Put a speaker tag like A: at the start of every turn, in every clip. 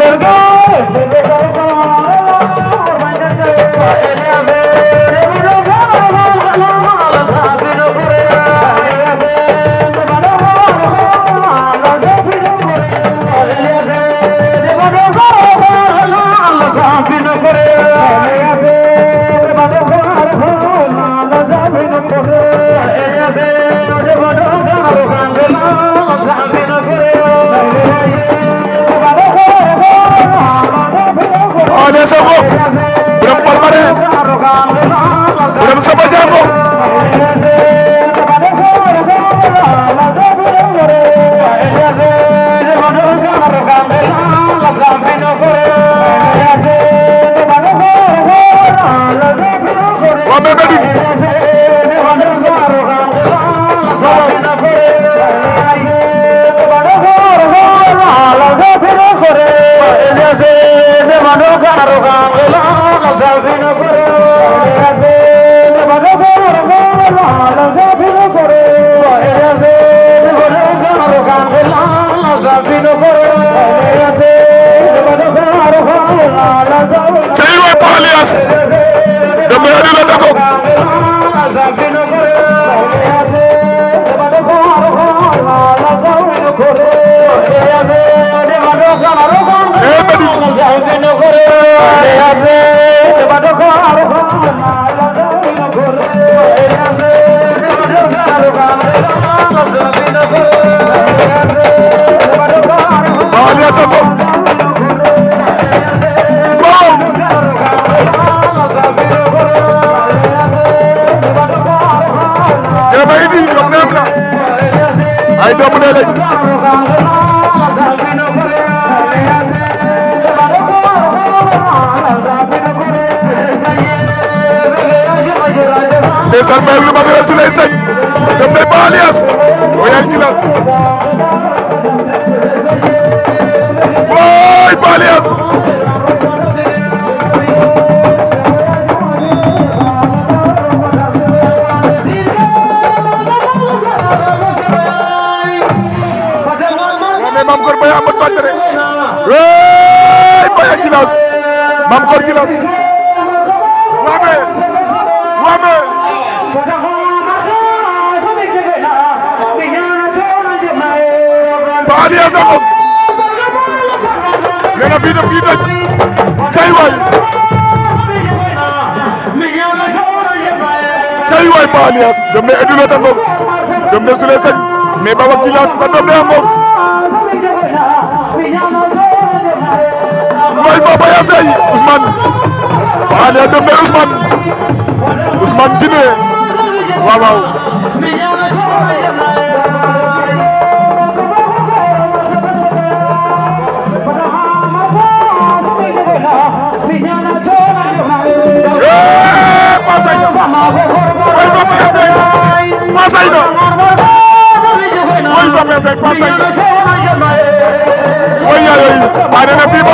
A: घर Sané Sokho borom Palmarin borom Samba Diango घर गाना नालो गुरो घर ndeysaan mayel lu magara suley señ dem day ba alias o yaay jilas waay ba alias mam kor bay amat batere waay Sadiya Sakho nee na fii daf ñuy toj cay waay cay waay ba Alias dem na Edou Lota Ngok dem na Souley Sagne mais ba wax ci laas sa doom day ngok waay fa baya sey Ousmane ba Alias dem na Ousmane Ousmane Djiné waaw waaw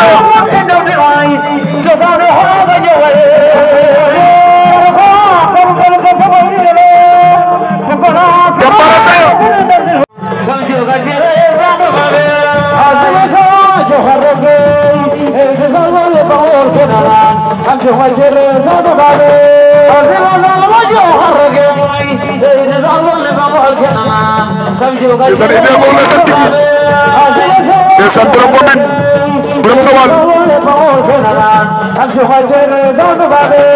A: ਆਪਾ ਨੰਦ ਨੋਈ ਜਗਾਨੇ ਹੋਣਾ ਬਈ ਵੇ ਕੋਕਣਾ ਜਪਰਤ গুণবান আব্দু হজের দান বাবে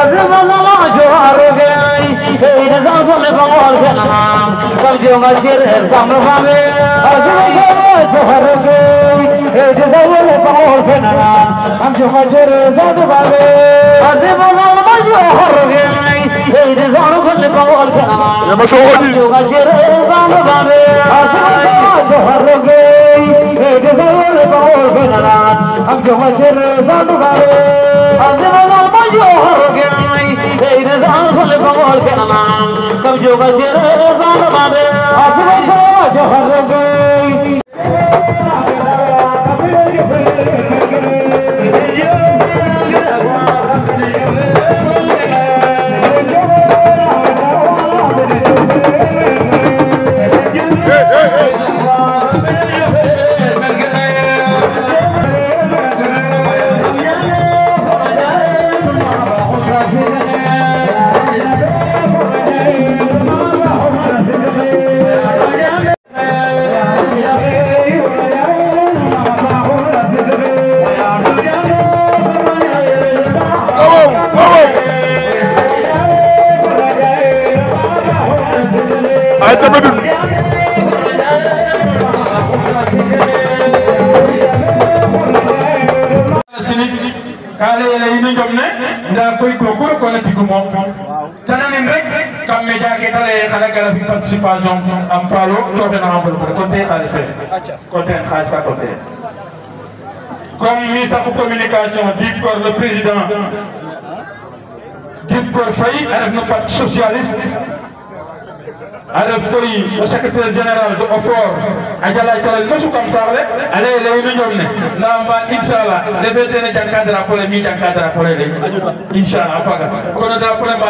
A: আব্দুল্লাহ জোহারগে এই রেজাল বলে বঙ্গল গেলাম সবজি হজের দান বাবে আব্দুল্লাহ জোহারগে এই রেজাল বলে বঙ্গল গেলাম আব্দু হজের দান বাবে আব্দুল্লাহ জোহারগে এই রেজাল বলে বঙ্গল গেলাম আব্দু হজের দান বাবে আব্দুল্লাহ জোহারগে এই রেজাল বলে বঙ্গল গেলাম ہم جو وچر زاد بھاڑے ہم نے منو منيو ہو گیا اے رزار بھل بول کنا کب جو گچر زاد بھاڑے اس وی سڑا kaala yele ino jomne nda koy kokoro kona tigumo tananin rek kamme jake tale kala gara fi participation am palo coten ambol ko côté tale fe côté khaj ka côté comme ministre pour communication dit par le président dit par Faye avec nos partis socialistes alafukoyi o secrétaire général de OFOR a jala calal masu kam o ala e leyno ñomne nawamba inchallah ndefe tene jangka drapole mi jangka drapole ley inchallah a paga kono drapole ma